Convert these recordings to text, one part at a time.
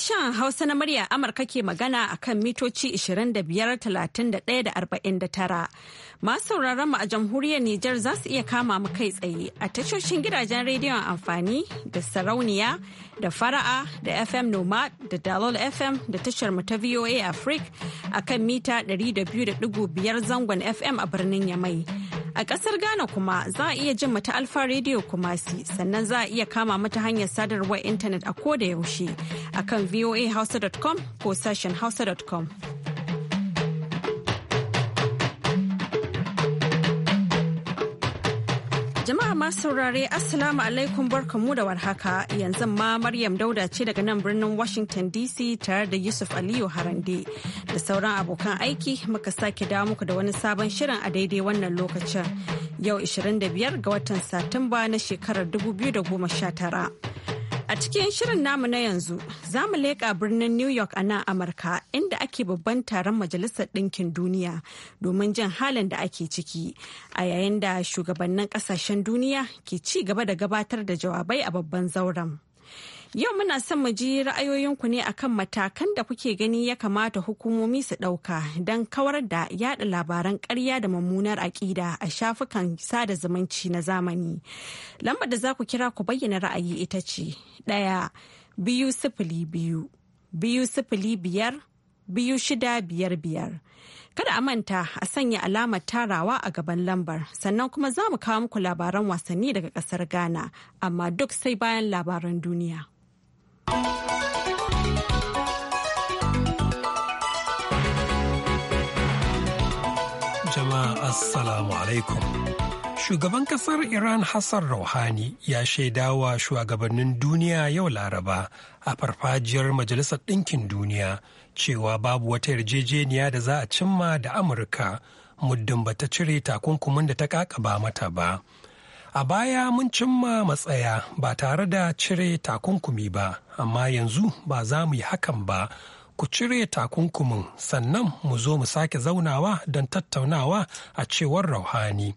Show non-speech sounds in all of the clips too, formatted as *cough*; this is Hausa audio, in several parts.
Sashen Hausa na murya Amurka ke magana a kan mitoci 25 31 Masu sauraron mu a jamhuriyar Nijar za su iya kama mu kai tsaye a tashoshin gidajen rediyon amfani da sarauniya da fara'a da FM Noma da Dalol FM da tashar mu ta VOA Africa a kan mita 200.5 zangon FM a birnin Yamai. A ƙasar Ghana kuma za a iya jin mata Alfa rediyo Kumasi sannan za a iya kama mata hanyar sadarwar intanet a koda yaushe a kan voahausa.com ko sashen hausa.com. Jama'a masu saurare Assalamu alaikum barkamu da warhaka yanzu ma Maryam Dauda ce daga nan birnin Washington DC tare da Yusuf Aliyu Harande da sauran abokan aiki muka sake dawo muku da wani sabon shirin a daidai wannan lokacin yau 25 ga watan Satumba na shekarar 2019. A cikin shirin namu na yanzu, za mu leƙa birnin New York a nan Amurka inda ake babban taron Majalisar Ɗinkin Duniya domin jin halin da ake ciki, a yayin da shugabannin ƙasashen duniya ke ci gaba da gabatar da jawabai a babban zauren. Yau muna son mu ji ra'ayoyinku ne akan matakan da kuke gani ya kamata hukumomi su ɗauka don kawar da yada labaran ƙarya da mummunar aƙida a shafukan sada zumunci na zamani. lamba da za ku kira ku bayyana ra'ayi ita ce ɗaya biyu sifili biyu biyu sifili biyar biyu shida biyar biyar. Kada a manta a sanya alamar tarawa a gaban lambar sannan kuma za mu kawo muku labaran wasanni daga ƙasar Ghana amma duk sai bayan labaran duniya. Jama'a Assalamu alaikum. Shugaban kasar Iran Hassan Rouhani ya shaidawa shugabannin duniya yau Laraba a farfajiyar Majalisar Ɗinkin Duniya cewa babu wata yarjejeniya da za a cimma da Amurka muddin bata cire takunkumin da ta kakaba mata ba. A baya mun cimma matsaya ba tare da cire takunkumi ba, amma yanzu ba za mu yi hakan ba. Ku cire takunkumin sannan mu zo mu sake zaunawa don tattaunawa a cewar rauhani.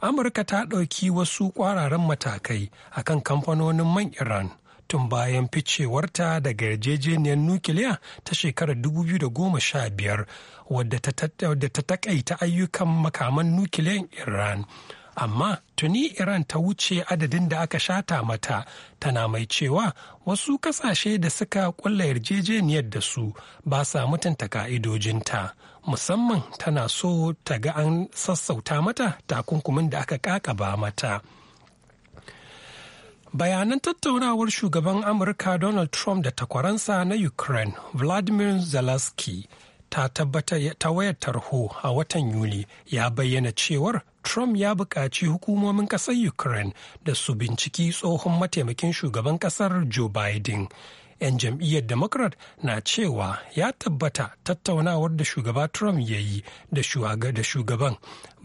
Amurka ta ɗauki wasu ƙwararan matakai a kan kamfanonin man Iran tun bayan ficewarta daga yarjejeniyar nukiliya ta shekarar 2015 wadda ta taƙaita ayyukan makaman nukiliyan Iran. amma tuni Iran ta wuce adadin da aka shata mata tana mai cewa wasu kasashe da suka kulla yarjejeniyar da su ba sa mutunta ka'idojinta musamman tana so ta ga an sassauta mata takunkumin da aka kakaba mata. Bayanan tattaunawar shugaban Amurka Donald Trump da takwaransa na Ukraine Vladimir Zelensky ta tabbatar ta wayar tarho a watan Yuli ya bayyana cewar Trump ya buƙaci hukumomin ƙasar Ukraine da su binciki tsohon mataimakin shugaban ƙasar Joe Biden. 'Yan jam'iyyar Democrat na cewa ya tabbata tattaunawar da shugaba Trump ya yi da shugaban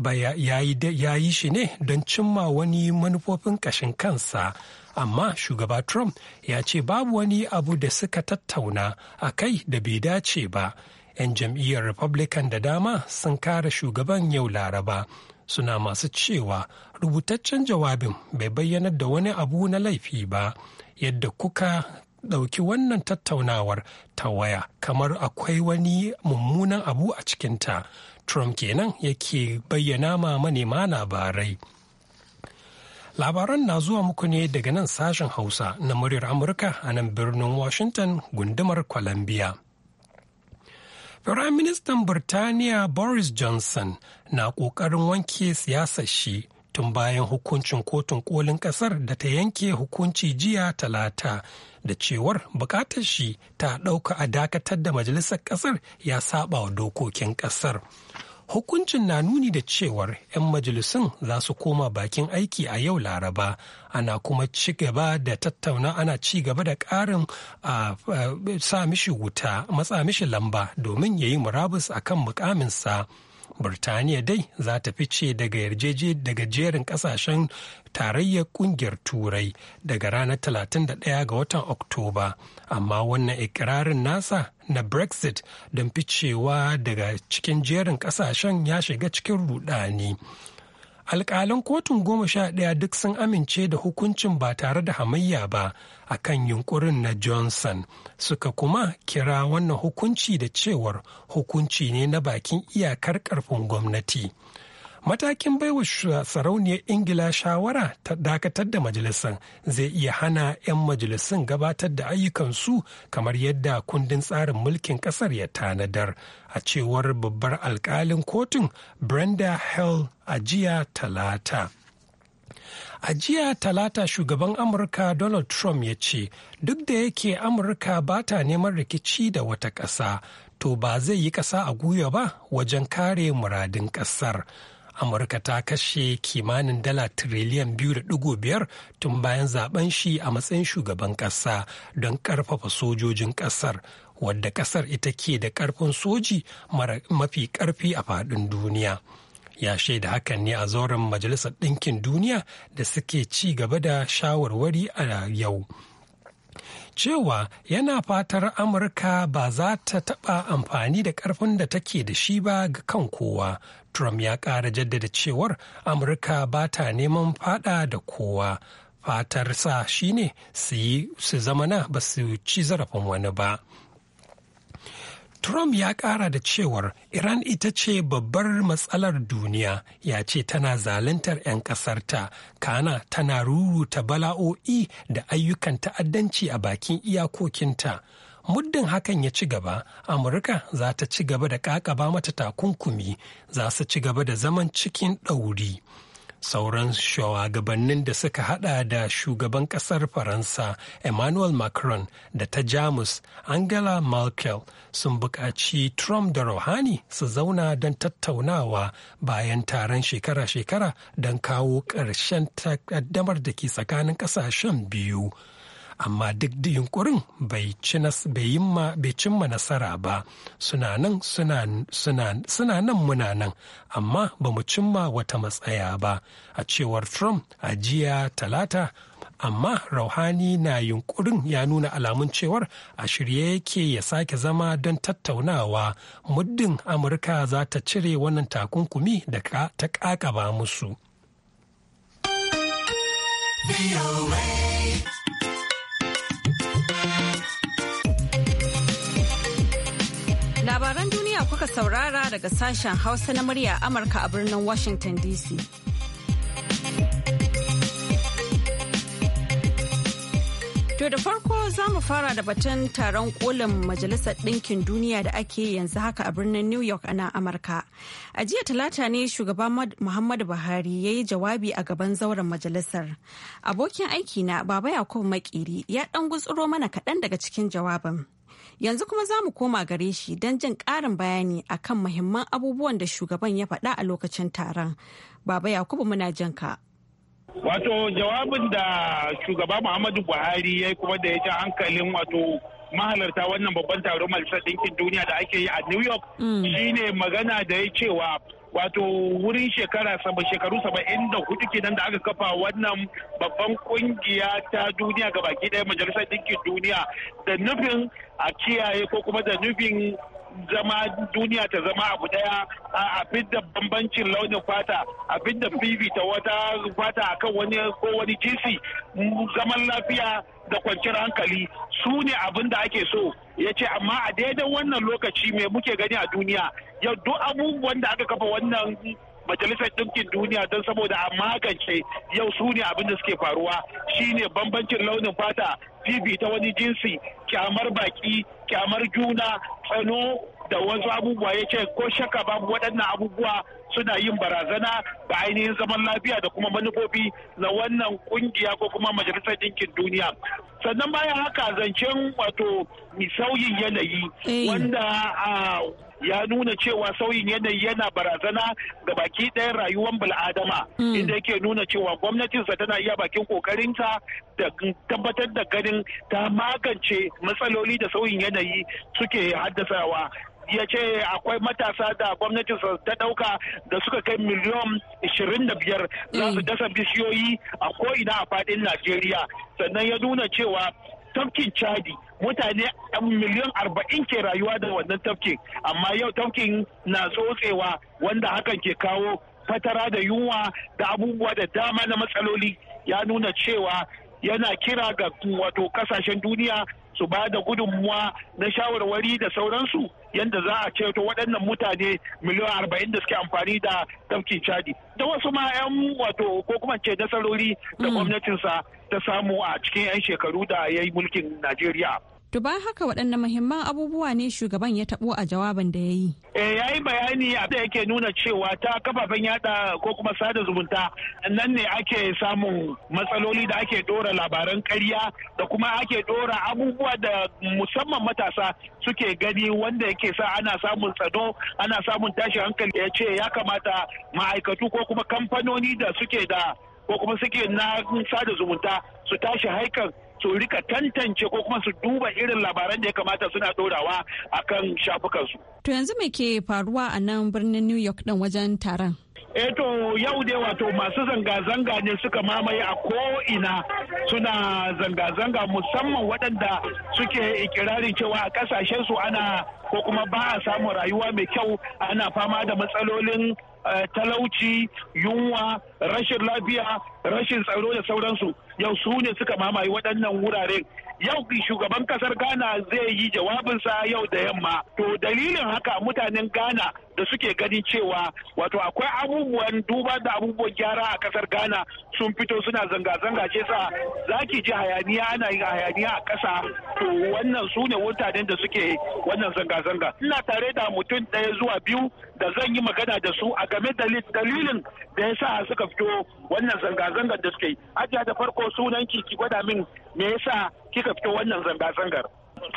ya yi shi ne don cimma wani manufofin ƙashin kansa. amma shugaba Trump ya ce babu wani abu da suka tattauna a kai da bai dace ba 'yan jam'iyyar republican da dama sun kare shugaban yau laraba suna masu cewa rubutaccen jawabin bai bayyanar da wani abu na laifi ba yadda kuka ɗauki wannan tattaunawar ta waya kamar akwai wani mummunan abu a cikinta trump kenan yake bayyana ma manema labarai labaran na zuwa muku ne daga nan sashen hausa na muryar amurka a nan birnin washington gundumar columbia Firaministan Birtaniya Boris Johnson na ƙoƙarin wanke siyasar shi tun bayan hukuncin kotun kolin ƙasar da ta yanke hukunci jiya talata da cewar buƙatar shi ta ɗauka a dakatar da majalisar ƙasar ya saba wa dokokin ƙasar. Hukuncin na nuni da cewar 'yan majalisun za su koma bakin aiki a yau Laraba, ana kuma ci gaba da tattauna ana ci gaba da ƙarin sa mishi wuta matsa mishi lamba domin ya yi murabus a kan mukaminsa. Burtaniya dai za ta fice daga yarjeje daga jerin kasashen tarayyar kungiyar turai daga ranar 31 ga watan Oktoba, amma wannan ikirarin nasa na Brexit don ficewa daga cikin jerin kasashen ya shiga cikin rudani. alƙalan kotun goma sha ɗaya duk sun amince da hukuncin ba tare da hamayya ba a kan yunkurin na johnson suka kuma kira wannan hukunci da cewar hukunci ne na bakin iyakar ƙarfin gwamnati matakin baiwa sarauniyar ingila shawara ta dakatar da majalisar zai iya hana 'yan majalisun gabatar da ayyukansu kamar yadda kundin tsarin mulkin kasar ya tanadar a cewar babbar alkalin kotun brenda hell a jiya talata A jiya talata shugaban Amurka Donald Trump ya ce, duk da yake Amurka ba ta neman rikici da wata ƙasa, to ba zai yi ƙasa a guya ba wajen kare muradin ƙasar. amurka ta kashe kimanin dala tiriliyan biyu da dugu biyar tun bayan zaben shi a matsayin shugaban ƙasa don ƙarfafa sojojin ƙasar wadda ƙasar ita ke da ƙarfin soji mafi ƙarfi a faɗin duniya ya shaida hakan ne a zauren majalisar ɗinkin duniya da suke ci gaba da shawarwari a yau. cewa yana fatar Amurka ba za ta taɓa amfani da ƙarfin da take da shi ba ga kan kowa. Trump ya ƙara jaddada cewar Amurka ba ta neman fada da kowa. fatar Fatarsa shine su yi su zamana ba su ci zarafin wani ba. Trump ya ƙara da cewar Iran ita ce babbar matsalar duniya ya ce tana zaluntar 'yan ƙasarta, kana tana ruruta bala'o'i da ayyukan ta'addanci a bakin iyakokinta. Muddin hakan ya ci gaba, Amurka za ta ci gaba da ƙaƙaba mata takunkumi, za su ci gaba da zaman cikin ɗauri. sauran shugabannin da suka hada da shugaban kasar faransa emmanuel macron da ta jamus angela merkel sun buƙaci trump da rouhani su zauna don tattaunawa bayan taron shekara-shekara don kawo ƙarshen takaddamar da ke tsakanin ƙasashen biyu amma duk da yunkurin bai cimma nasara ba suna nan suna nan muna nan amma ba mu cimma wata matsaya ba a cewar trump a jiya talata amma rauhani na yunkurin ya nuna alamun cewar a shirye yake ya sake zama don tattaunawa muddin amurka za ta cire wannan takunkumi da ta kakaba musu. labaran duniya kuka saurara daga sashen Hausa na murya Amurka a birnin Washington DC. To da farko za mu fara da batun taron kolin Majalisar Ɗinkin Duniya da ake yanzu haka a birnin New York ana Amurka. A jiya talata ne shugaba Muhammadu Buhari ya yi jawabi a gaban zauren majalisar. Abokin aiki na Baba Yakubu Makiri ya ɗan gutsuro mana kaɗan daga cikin jawabin. Yanzu kuma za mu koma gare shi don jin ƙarin bayani a kan muhimman abubuwan da shugaban ya faɗa a lokacin taron. Baba Yakubu muna jin ka. Wato jawabin da shugaba Muhammadu Buhari ya yi kuma da ya ji hankalin wato mahalarta wannan babban taron majalisar ɗinkin duniya da ake yi a new york mm. shine magana da ya cewa wato wurin shekara shekaru saba'in da hudu kenan da aka kafa wannan babban kungiya ta duniya ga baki ɗaya majalisar ɗinkin duniya da nufin a kiyaye ko kuma da nufin zama duniya ta zama abu daya a fidda bambancin launin fata a fidda fifita wata fata a kan wani ko wani jinsi zaman lafiya da kwanciyar hankali su ne abin da ake so ya ce amma a daidai wannan lokaci mai muke gani a duniya yau abubuwan da aka kafa wannan majalisar ɗinkin duniya don saboda a magance yau su ne abin da suke faruwa shine bambancin launin fata ta wani jinsi kyamar baki kyamar juna tsano da wasu abubuwa ya ce ko shaka babu waɗannan abubuwa suna yin barazana ba ainihin zaman lafiya da kuma manufofi na wannan kungiya ko kuma majalisar ɗinkin duniya sannan bayan haka zancen wato sauyin yanayi eh. wanda ah, ya nuna cewa sauyin yanayi yana barazana ga baki ɗaya rayuwar bil'adama hmm. inda yake nuna cewa gwamnatinsa tana iya bakin kokarinta da tabbatar da ganin ta magance matsaloli da sauyin yanayi suke haddasawa ya ce akwai matasa da gwamnati ta dauka da suka kai miliyan 25 za su hmm. dasa bishiyoyi a ko'ina a fadin najeriya sannan ya nuna cewa tafkin chadi mutane miliyan arba'in ke rayuwa da wannan tafkin amma yau tafkin na tsotsewa wanda hakan ke kawo fatara da yunwa da abubuwa da dama na matsaloli ya nuna cewa yana kira ga wato kasashen duniya su ba da gudunmuwa na shawarwari da sauransu yadda za a ceto waɗannan mutane miliyan arba'in da suke amfani da tafkin chadi da wasu ma 'yan wato ko kuma ce nasarori da mm. gwamnatinsa ta samu a cikin 'yan shekaru da ya yi mulkin najeriya To ba haka waɗannan mahimman abubuwa ne shugaban ya taɓo a jawaban da ya yi. Eh ya yi bayani da yake nuna cewa ta kafafen yada ko kuma sada zumunta nan ne ake samun matsaloli da ake ɗora labaran ƙarya da kuma ake ɗora abubuwa da musamman matasa suke gani wanda yake sa ana samun tsado ana samun tashi hankali ya ce ya kamata ma'aikatu ko kuma kamfanoni da suke da ko kuma suke na sada zumunta su tashi haikan su rika tantance ko kuma su duba irin labaran da ya kamata suna ɗorawa kan shafukansu. To yanzu me ke faruwa a nan birnin New York ɗin wajen taron? eto eh yau dai wato masu zanga-zanga ne suka mamaye a ko'ina suna zanga-zanga musamman waɗanda suke ikirarin cewa a ƙasashen su ana ko kuma ba a samun rayuwa mai kyau ana fama da matsalolin eh, talauci yunwa rashin lafiya rashin tsaro da sauransu yau su ne suka mamaye waɗannan wurare yau shugaban kasar ghana zai yi jawabinsa yau da yamma to dalilin haka mutanen ghana da suke ganin cewa wato akwai abubuwan duba da abubuwan gyara a kasar ghana sun fito suna zanga-zanga ce sa za ki ji hayaniya ana yin hayaniya a ƙasa to wannan su ne mutanen da suke wannan zanga-zanga ina tare da mutum ɗaya zuwa biyu da zan yi magana da su a game dalilin da ya sa suka fito wannan zanga-zangar da suka yi hajiya da farko sunan ki ki gwada min me yasa kika fito wannan zanga-zangar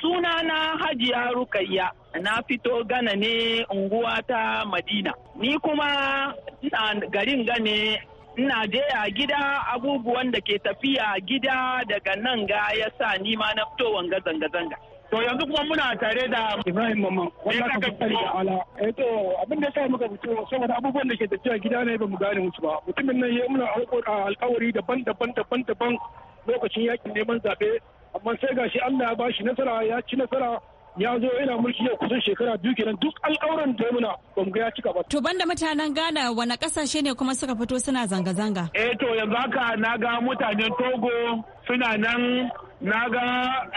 sunana hajiya rukayya na fito gana ne unguwa ta madina ni kuma ina garin gane ina je a gida abubuwan da ke tafiya gida daga nan ga yasa ni ma na fito wanga zanga-zanga To yanzu kuma muna tare da Ibrahim Mamman wanda ka fitar da ala. Eh to abin da ya muka fito saboda abubuwan da ke tafiya gida ne ba mu gane musu ba. Mutumin nan ya muna alƙawari daban-daban daban-daban lokacin yakin neman zaɓe amma sai gashi Allah ya bashi nasara ya ci nasara ya zo yana mulki yau kusan shekara biyu kenan duk al'auran da ya muna ba mu ga ya cika ba. To banda mutanen Ghana wani kasashe ne kuma suka fito suna zanga-zanga? Eh to yanzu haka na ga mutanen Togo suna nan na ga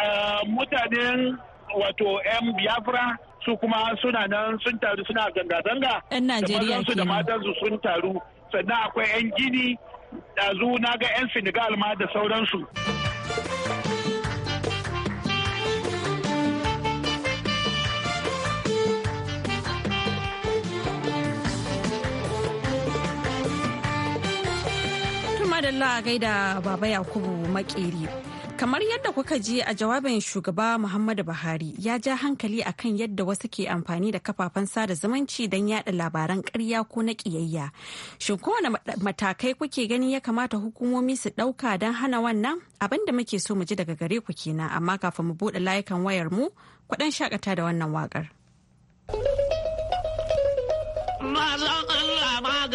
eh, mutanen wato 'yan Biafra su kuma suna nan sun taru suna zanga-zanga. Yan Najeriya kenan. Da matansu sun taru sannan akwai 'yan Gini Dazu na ga 'yan Senegal ma da sauransu. madalla a gaida baba yakubu makeri kamar yadda kuka ji a jawabin shugaba muhammadu buhari ya ja hankali akan yadda wasu ke amfani da kafafen sada zumunci don yada labaran karya ko na kiyayya shin kowane matakai kuke gani ya kamata hukumomi su ɗauka don hana wannan abin da muke so mu ji daga gare ku kenan amma kafin mu buɗe layukan wayar mu kuɗin shakata da wannan wakar Mazan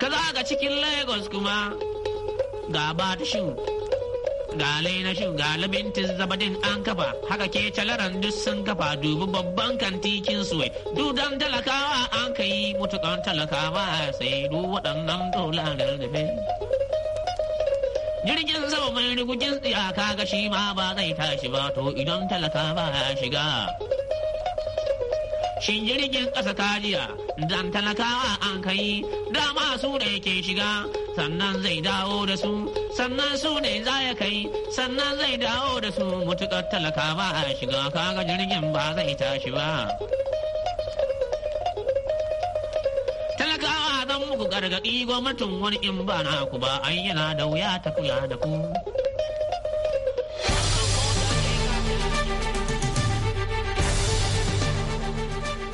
ka ga cikin lagos kuma ga shin ga laina shin ga labintin zabadin an kafa haka ke calaran duk sun kafa dubi babban kantikin suwai dudan talakawa an kai yi mutukan talakawa sai du waɗannan dolarar gabe jirgin sama mai rigujin tsiyaka ga shi ma ba zai tashi ba to idan talakawa ya shiga shin jirgin ƙasa ta jiya dan talakawa an kai dama su da yake shiga sannan zai dawo da su sannan su ne za ya kai sannan zai dawo da su mutuƙar talaka ba a shiga kaga jirgin ba zai tashi ba talakawa zan muku gargaɗi gwamnatin wani in ba na ku ba ai yana da wuya ta kuya da ku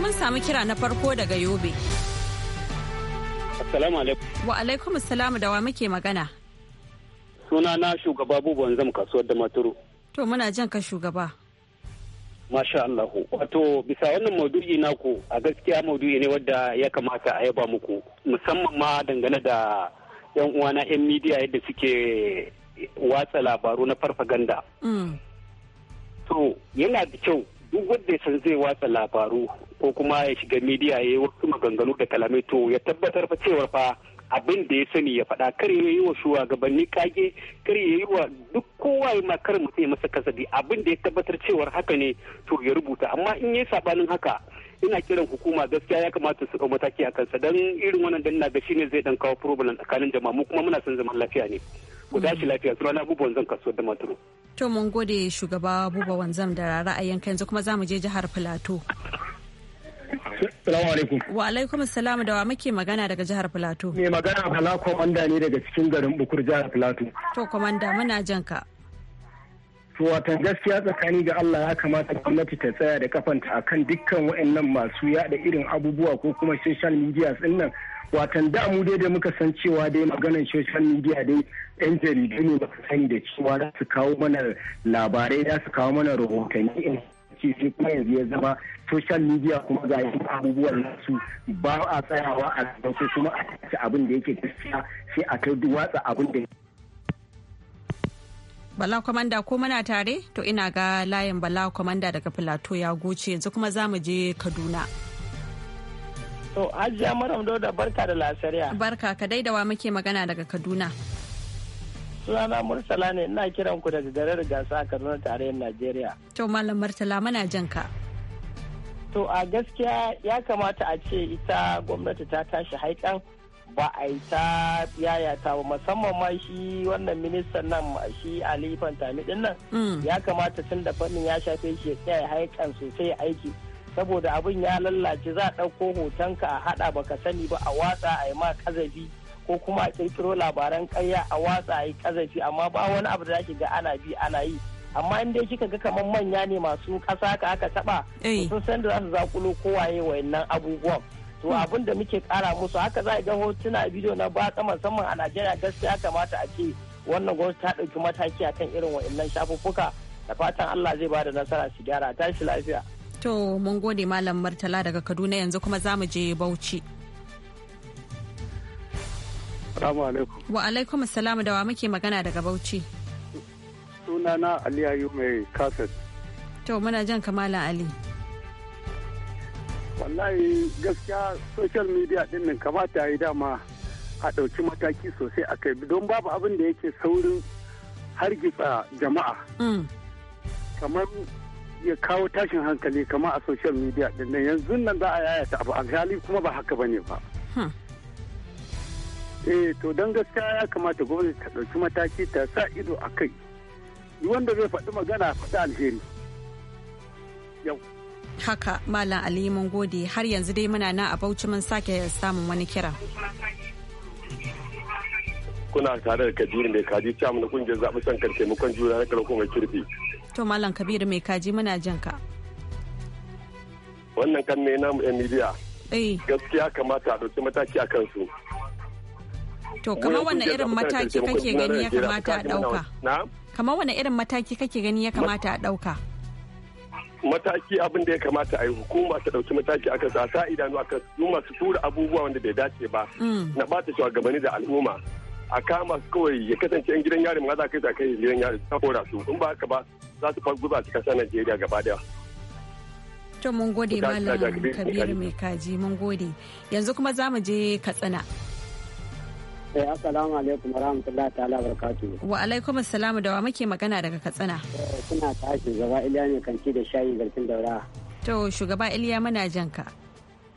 mun samu kira na farko daga Yobe. Assalamu alaikum. Wa alaikum assalamu da wa muke magana. Suna na shugaba abubuwan zam kasuwar da maturu. To muna jan ka shugaba. Masha Allah. Wato bisa wannan maudu'i naku a gaskiya maudu'i ne wadda ya kamata a yaba muku musamman ma dangane da yan uwana yan midiya yadda suke watsa labaru na farfaganda. Mm. To yana da kyau duk wanda ya san zai watsa labaru ko kuma ya shiga midiya ya yi wasu maganganu da kalamai to ya tabbatar fa cewa fa abin da ya sani ya faɗa kar ya yi wa shugabanni kage kar ya yi wa duk kowa ya ma kar mutum masa kasadi abin da ya tabbatar cewar haka ne to ya rubuta amma in ya sabanin haka ina kiran hukuma gaskiya ya kamata su ɗau mataki a kansa don irin wannan danna ga shine zai dan kawo problem tsakanin jama'a mu kuma muna son zaman lafiya ne. ku tashi lafiya sunana abubuwan zan kasuwar da maturu. to mun gode shugaba buba wanzam da ra'ayin yanzu kuma za mu je jihar filato. Salamu alaikum. Wa alaikum salam da wa muke magana daga jihar Filato. Me magana kala komanda ne daga cikin garin Bukur jihar Filato. To komanda muna jan ka. To watan gaskiya tsakani ga Allah ya kamata gwamnati ta tsaya da kafanta akan dukkan waɗannan masu yaɗa irin abubuwa ko kuma social media nan watan da mu dai da muka san cewa dai maganar social media dai yan jaridu ne muka sani da cewa za su kawo mana labarai za su kawo mana rahotanni ce sai kuma yanzu ya zama social media kuma ga yin abubuwan nasu ba a tsayawa a gaban kuma a tace abin da yake gaskiya sai a kai watsa abin da Bala Kwamanda ko muna tare to ina ga layin Bala Kwamanda daga Filato ya goce yanzu kuma za mu je Kaduna. To Hajiya Maram Dauda barka da lasariya. Barka ka da wa muke magana daga Kaduna. Sunana Murtala ne ina kiran ku daga garar gasa a Kaduna tarayyar Najeriya. To Malam Murtala muna jan ka. To a gaskiya ya kamata a ce ita gwamnati ta tashi haikan ba a yi ta yayata ba musamman ma shi wannan ministan nan shi Ali Fantami din mm. ya kamata tun da fannin ya shafe shi ya tsaya haikan sosai aiki. saboda abin ya lallace za a ɗauko hotonka a haɗa baka sani ba a watsa a yi ma kazafi ko kuma a ƙirƙiro labaran ƙarya a watsa a yi kazafi amma ba wani abu da ake ga ana bi ana yi amma in dai kika ga kamar manya ne masu ƙasa ka aka taɓa eh. sun san da za su zakulo kowaye wayannan abubuwan to hmm. abin da muke ƙara musu haka za a ga hotuna bidiyo na ba musamman a najeriya gaskiya kamata a ce wannan gwamnati ta ɗauki mataki akan irin wayannan shafuffuka da fatan allah zai ba da nasara su gyara tashi lafiya To mun gode Malam Murtala daga Kaduna yanzu kuma za mu je Bauchi. Salamu alaikum. Wa alaikum salamu da wa muke magana daga Bauchi. Sunana Ali Ayu mai kaset. To muna jan kamala Ali. Wallahi gaskiya social media din nan kamata yi dama a ɗauki mataki sosai a kai don babu abin da yake saurin hargitsa jama'a. Mm. Kamar iya kawo tashin hankali kamar a social media din yanzun yanzu nan za a yayata abu alhali kuma ba haka bane ba eh to dan gaskiya ya kamata gwamnati ta ɗauki mataki ta sa ido a kai duk wanda zai faɗi magana faɗi alheri yau haka malam ali mun gode har yanzu dai muna nan a bauchi mun sake samun wani kira kuna tare da kabiru mai kaji ta na kungiyar zaɓi son kan taimakon juna na karko mai kirfi. to malam kabiru mai kaji muna jan ka. wannan kan ne namu Emilia. Eh. gaskiya kamata a ɗauki mataki a kansu. to kamar wannan irin mataki kake gani ya kamata a ɗauka. kamar wannan irin mataki kake gani ya kamata a ɗauka. mataki abin da ya kamata a yi hukuma ta dauki mataki a kansa sa idanu a su masu tura abubuwa wanda bai dace ba mm. na bata shugabanni da al'umma a kama su kawai ya kasance yan gidan yari ma za kai yi zakai kai gidan yari ta kora su in ba haka ba za su faru-guba su kasa Najeriya gaba daya. To mun gode Malam Kabir mai kaji mun gode. Yanzu kuma za mu je Katsina. Eh assalamu alaikum warahmatullahi ta'ala barakatuhu. Wa alaikum assalam da wa muke magana daga Katsina. Kuna eh, ta shugaba Iliya ne kanti da shayi garkin daura. To shugaba Iliya muna jan ka.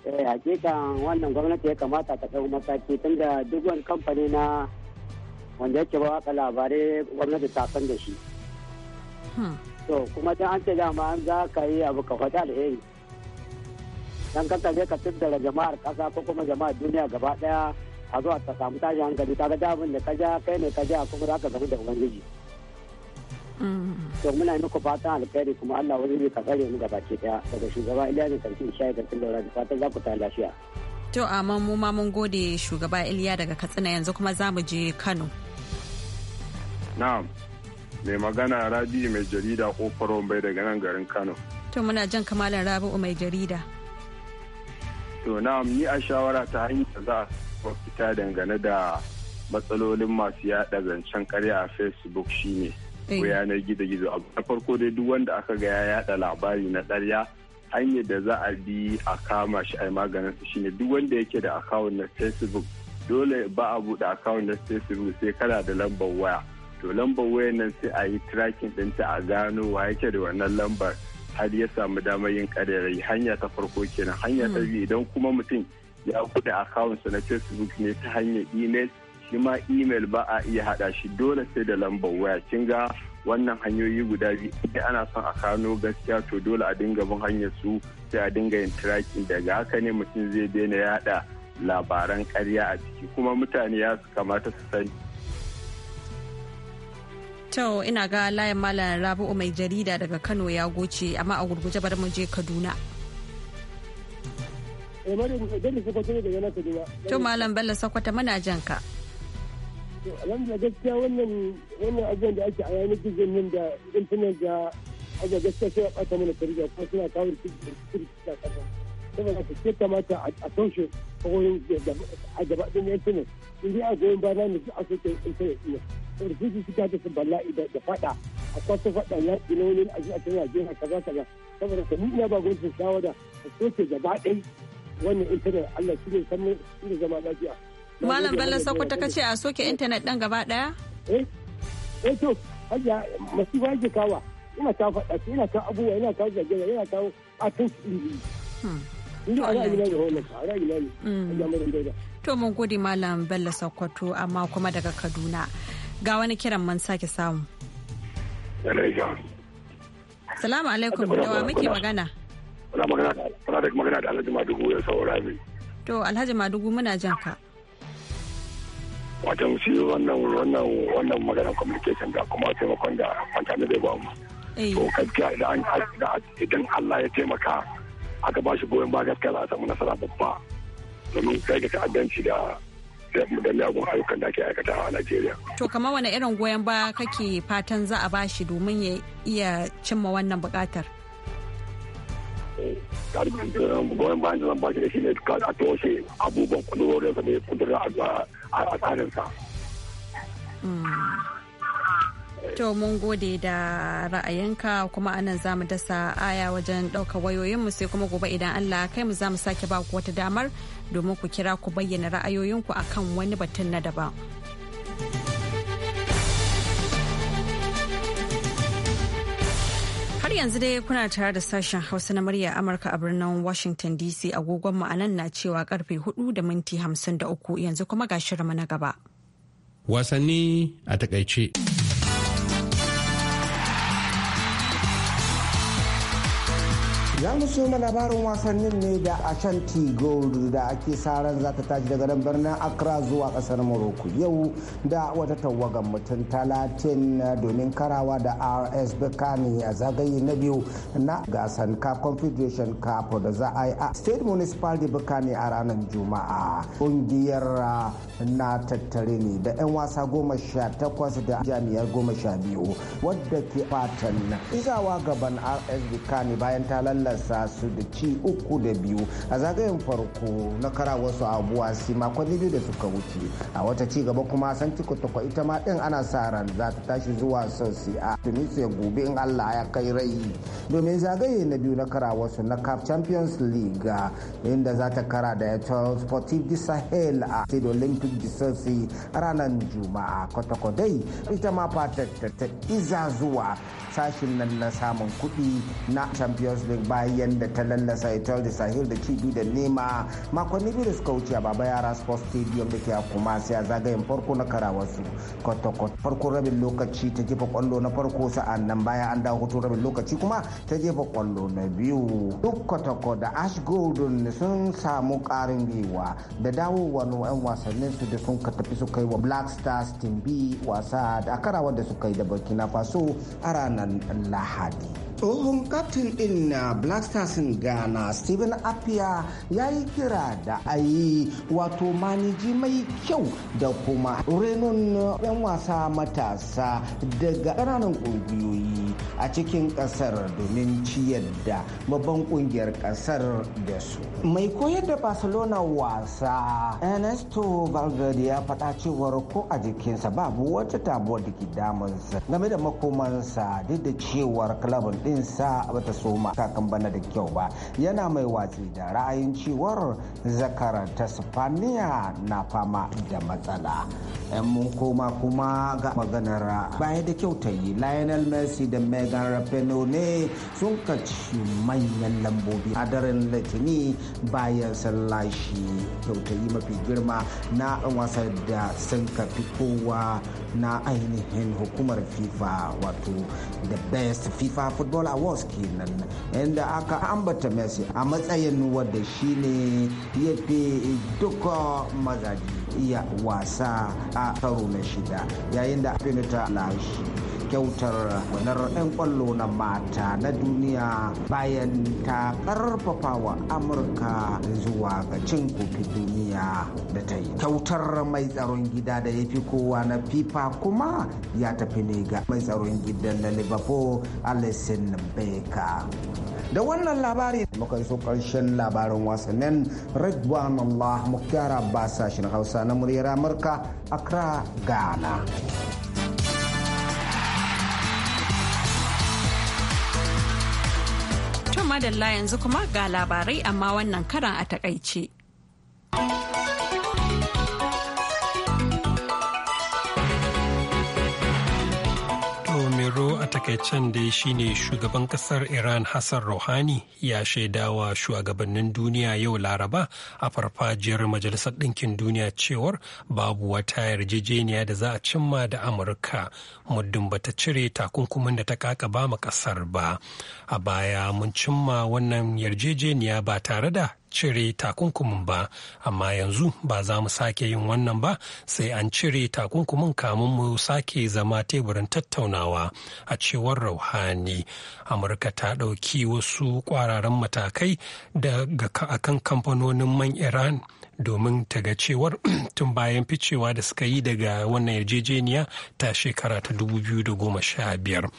Eh hakika wannan gwamnati ya kamata ta ɗau mataki tunda duk wani kamfani na wanda yake ba waka labarai gwamnati ta san da shi hmm. to kuma ta an ce dama an za ka yi abu ka da alheri dan kanka zai ka tattara jama'ar kasa ko kuma jama'ar duniya gaba ɗaya a zuwa ta samu tashi hankali ta ga damun da ka ja kai ne ka ja kuma za ka gamu da ubangiji hmm. to muna muku fatan alkhairi kuma Allah wani ne ka tsare mu gaba ke daya daga shugaba Iliya ne sarki shayi garkin daura da fatan za ku ta lafiya to amma mu ma mun gode shugaba Iliya daga Katsina yanzu kuma za mu je Kano na'am mai magana rabi mai jarida kofar bai daga nan garin kano to muna jan kamalan rabi'u mai jarida to na'am ni a shawara ta hanyar za a fita dangane da matsalolin masu yaɗa zancen karya a facebook shine eh. ko yanar gizo-gizo abu na farko dai duk wanda aka ga ya yada labari na ɗarya hanyar da za a bi a kama shi a maganin su shine duk wanda yake da akawun na facebook dole ba a buɗe akawun na facebook sai kana da lambar waya to lambar wayan nan sai a yi tracking ɗinta a gano wa yake da wannan lambar har ya samu damar yin ƙarerai hanya ta farko kenan hanya ta hmm. biyu idan kuma mutum ya kuɗe akawunsa na facebook ne ta hanyar email shi ma email ba a iya haɗa shi dole sai da lambar waya kin ga wannan hanyoyi guda biyu idan ana son a kano gaskiya to dole a dinga bin hanyar su sai a dinga yin tracking daga haka ne mutum zai daina yaɗa labaran karya a ciki kuma mutane ya kamata su sani To ina ga layin malam Rabi'u mai jarida daga Kano ya goce amma a gurguje bari mu je Kaduna. Eh, to malam Bello Sokoto muna jan ka. Alhamdulillah gaskiya wannan wannan abubuwan da ake a yanar gizon nan da intanet da abubuwa gaskiya sai a ɓata mana tarbiyya kuma suna kawo rikici a kasa. saboda ka ce kamata a taushe kawai a gaba ɗin yankunan in dai a goyon bayan ne a soke intanet ɗin da su su ta ta bala'i da faɗa a kwata faɗa ya ƙi na wani aji a can Najeriya kaza kaza saboda ka nuna ba gwamnati shawara a soke gaba ɗaya wannan intanet Allah shi ne sannan shi ne zama lafiya. Malam bala Sokoto ka ce a soke eh? intanet ɗan gaba ɗaya? Eh, eh to, hajiya masu ba kawa ina ta faɗa ina kawo abubuwa ina kawo jajjaya ina kawo akan ilimi. Mm. To mun gode Malam Bello Sokoto amma kuma daga Kaduna. Ga wani kiran man sake samu. Salamu alaikum da wa muke magana. da magana da Alhaji Madugu ya saurari? To Alhaji Madugu muna jan ka. Watan shi wannan wannan wannan magana communication da kuma taimakon da kwanta ne zai ba mu. Eh. To gaskiya idan Allah ya taimaka aka ba shi goyon baya gaskiya za a samu nasara babba domin kai ga ta'addanci da da miyagun ayyukan da ake aikatawa a Najeriya. To kamar wani irin goyon baya kake fatan za a ba shi domin ya iya cimma wannan bukatar? goyon bayan da zan shi da shi ne a toshe abubuwan kudurorinsa ne kudura a tsarinsa. Hmm. To mun gode da ra'ayinka kuma anan za mu dasa aya wajen ɗaukar wayoyinmu sai kuma gobe idan Allah kai mu za mu sake ba ku wata damar domin ku kira ku bayyana ra'ayoyinku akan wani batun na daban. Har yanzu dai kuna tare da sashen Hausa na murya Amurka a birnin Washington DC agogon mu anan na cewa karfe 4 da minti 53 yanzu kuma ga shirma na gaba. Wasanni a takaice. za mu so labarin wasannin ne da ashanti gold da ake saran za ta tashi daga birnin accra zuwa kasar morocco yau da wata tawagan mutum talatin domin karawa da rs bekani a zagaye na biyu na gasan cup confederation cup da za a yi a state municipal de bekani a ranar juma'a kungiyar na tattare ne da 'yan wasa goma sha takwas da jami'ar goma sha biyu wadda ke fatan izawa gaban rs bekani bayan ta lalla sa su da ci uku da biyu a zagayen farko na wasu a si makonni biyu da suka wuce a wata ci gaba kuma san tako ita ma din ana sa ran za ta tashi zuwa sosai a tunisia gobe in allah ya kai rai domin zagaye na biyu na wasu na cup champions league inda za ta kara da ta sportive de sahel a stade olympic de sosai ranar juma'a kotoko dai ita ma fatar ta iza zuwa sashin nan na samun kuɗi na champions league kayan da ta lallasa Etel da Sahil da cibi da nema makonni biyu da suka wuce a Baba Yara Sports Stadium da ke a sai a zagayen farko na karawarsu. Kwata-kwata farko rabin lokaci ta jefa kwallo na farko sa'an nan bayan an dawo hutun rabin lokaci kuma ta jefa kwallo na biyu. Duk kwata da Ash Golden sun samu karin gwiwa da dawowar 'yan wasannin su da sun tafi su kai wa Black Stars Team B wasa da karawar da suka yi da Burkina Faso a ranar Lahadi. tsohon kaftin din na uh, black stars ghana stephen apia ya yi kira da a yi wato maniji mai kyau da kuma renon uh, 'yan wasa matasa daga ƙananan ƙungiyoyi a cikin ƙasar domin ciyar da babban ƙungiyar ƙasar da su mai koyar da barcelona wasa ernesto valverde ya faɗa cewar ko a jikinsa babu wata tabuwar da ke damunsa game da makomansa duk da cewar klabin din yin sa bata soma kakan bana da kyau ba yana mai watsi da ra'ayin cewar zakara ta sifaniya na fama da matsala yan mun koma kuma ga maganar baya da kyau ta yi lionel messi da megan rapinoe ne sun kaci manyan lambobi a daren litini bayan sallashi lashe kyautayi mafi girma na ɗan wasa da sun kafi kowa na ainihin hukumar fifa wato the best fifa football football awards nan inda aka ambata messi a matsayin wadda shine ya fi duka mazaji iya wasa a karo na shida yayin da ta lashi kyautar walar 'yan kwallo na mata na duniya bayan ta karfafa wa amurka zuwa ga cin kofin duniya da ta yi kyautar mai tsaron gida da ya fi kowa na fifa kuma ya tafi ne ga mai tsaron gida na liverpool alison beka da wannan labari muka so karshen labarin wasannin redwan allah mukyara ba sashen hausa na muryar amurka accra ghana madalla yanzu kuma ga labarai amma wannan karan a takaice. takaicen dai shine shugaban kasar iran hassan rouhani ya shaidawa shugabannin duniya yau laraba a farfajiyar majalisar ɗinkin duniya cewar babu wata yarjejeniya da za a cimma da amurka muddin bata cire takunkumin da ta kaka ba ma kasar ba a baya mun cimma wannan yarjejeniya ba tare da cire takunkumin ba amma yanzu ba za mu sake yin wannan ba sai an cire takunkumin kamun mu sake zama teburin tattaunawa a cewar rauhani amurka ta ɗauki wasu ƙwararan matakai daga akan kamfanonin man iran domin ta ga cewar *clears throat* tun bayan ficewa da suka yi daga wannan yarjejeniya ta shekara ta 2015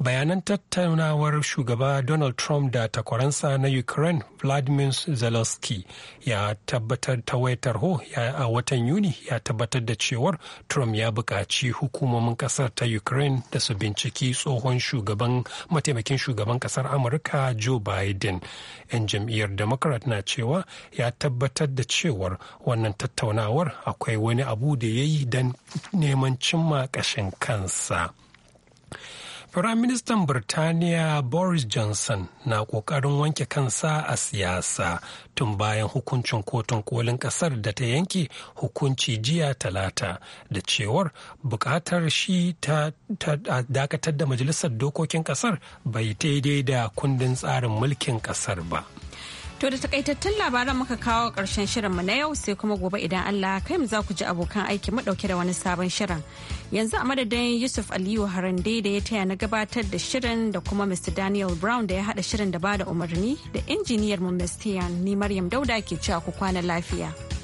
bayanan tattaunawar shugaba donald trump da takwaransa na ukraine vladimir zelensky ya tabbatar ta waitar ho a watan yuni ya tabbatar da cewar trump ya buƙaci hukumomin ƙasar ta ukraine da su binciki tsohon shugaban mataimakin shugaban ƙasar amurka joe biden 'yan jam'iyyar democrat na cewa ya tabbatar da cewar wannan tattaunawar akwai wani abu da ya yi don neman cimma ƙashin kansa. Firaministan Birtaniya Boris Johnson na ƙoƙarin wanke kansa a siyasa tun bayan hukuncin kotun kolin ƙasar da ta yanke hukunci jiya talata da cewar buƙatar shi ta, dakatar da majalisar dokokin ƙasar bai daidai da kundin tsarin mulkin ƙasar ba. To da takaitattun labaran muka kawo ƙarshen mu na yau sai kuma gobe idan Allah kai mu za ku ji abokan aiki mu dauke da wani sabon shirin. Yanzu a madadin Yusuf Aliyu Harande da ya taya na gabatar da shirin da kuma Mr. Daniel Brown da ya haɗa shirin da bada umarni da injiniyar mu Miss ni Maryam Dauda ke cewa ku kwana lafiya.